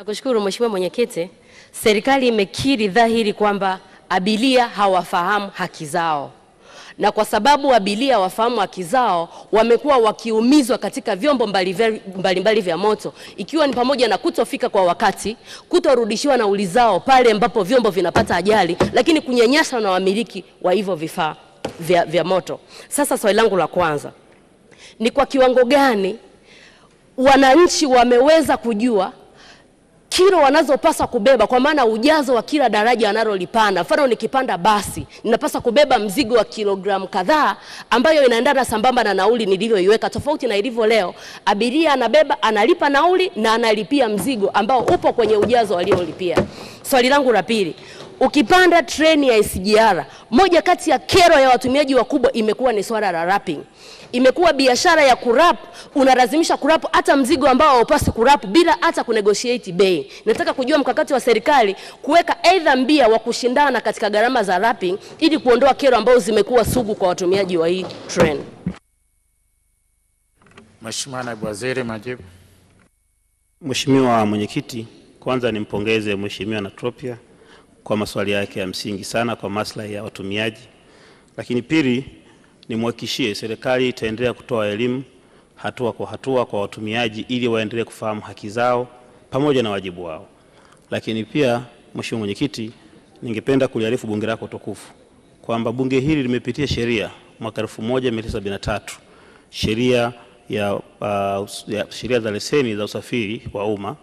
Nakushukuru Mheshimiwa Mwenyekiti. Serikali imekiri dhahiri kwamba abiria hawafahamu haki zao, na kwa sababu abiria hawafahamu haki zao, wamekuwa wakiumizwa katika vyombo mbalimbali mbali mbali vya moto, ikiwa ni pamoja na kutofika kwa wakati, kutorudishiwa nauli zao pale ambapo vyombo vinapata ajali, lakini kunyanyaswa na wamiliki wa hivyo vifaa vya, vya moto. Sasa swali langu la kwanza ni kwa kiwango gani wananchi wameweza kujua kilo wanazopaswa kubeba, kwa maana ujazo wa kila daraja analolipanda. Mfano, nikipanda basi ninapaswa kubeba mzigo wa kilogramu kadhaa, ambayo inaendana sambamba na nauli nilivyoiweka, tofauti na ilivyo leo. Abiria anabeba, analipa nauli na analipia mzigo ambao upo kwenye ujazo aliolipia. Swali langu la pili, ukipanda treni ya SGR moja kati ya kero ya watumiaji wakubwa imekuwa ni swala la rapping. Imekuwa biashara ya kurap, unalazimisha kurap hata mzigo ambao haupasi kurap bila hata kunegotiate bei. Nataka kujua mkakati wa serikali kuweka aidha mbia wa kushindana katika gharama za rapping ili kuondoa kero ambazo zimekuwa sugu kwa watumiaji wa hii train. Mheshimiwa Naibu Waziri, majibu. Mheshimiwa Mwenyekiti, kwanza nimpongeze Mheshimiwa Natropia kwa maswali yake ya msingi sana kwa maslahi ya watumiaji. Lakini pili, nimhakikishie serikali itaendelea kutoa elimu hatua kwa hatua kwa watumiaji ili waendelee kufahamu haki zao pamoja na wajibu wao. Lakini pia Mheshimiwa Mwenyekiti, ningependa kuliarifu bunge lako tukufu kwamba bunge hili limepitia sheria mwaka 1973 sheria ya, uh, ya sheria za leseni za usafiri wa umma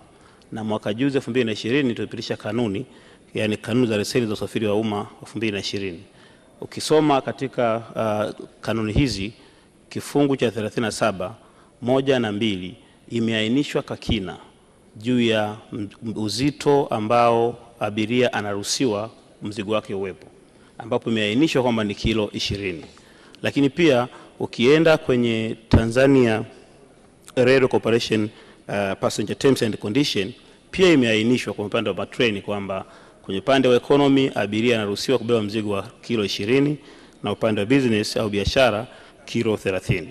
na mwaka juzi 2020 tulipitisha kanuni yani kanuni za leseni za usafiri wa umma 2020. Ukisoma katika uh, kanuni hizi kifungu cha 37 moja na mbili imeainishwa kakina juu ya uzito ambao abiria anaruhusiwa mzigo wake uwepo, ambapo imeainishwa kwamba ni kilo ishirini. Lakini pia ukienda kwenye Tanzania Rail Corporation uh, passenger terms and condition pia imeainishwa kwa upande wa matreni kwamba Kwenye upande wa economy, abiria anaruhusiwa kubeba mzigo wa kilo 20 na upande wa business au biashara kilo 30.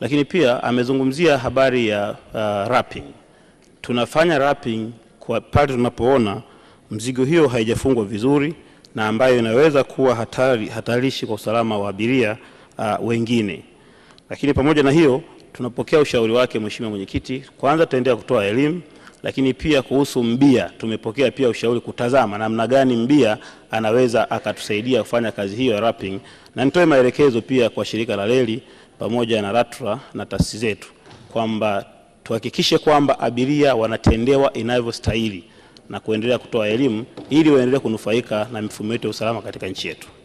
Lakini pia amezungumzia habari ya uh, wrapping. Tunafanya wrapping kwa pale tunapoona mzigo hiyo haijafungwa vizuri na ambayo inaweza kuwa hatari, hatarishi kwa usalama wa abiria uh, wengine. Lakini pamoja na hiyo tunapokea ushauri wake Mheshimiwa Mwenyekiti, kwanza tutaendelea kutoa elimu lakini pia kuhusu mbia, tumepokea pia ushauri kutazama namna gani mbia anaweza akatusaidia kufanya kazi hiyo ya wrapping, na nitoe maelekezo pia kwa shirika la reli pamoja na ratra na taasisi zetu kwamba tuhakikishe kwamba abiria wanatendewa inavyostahili na kuendelea kutoa elimu ili waendelee kunufaika na mifumo yetu ya usalama katika nchi yetu.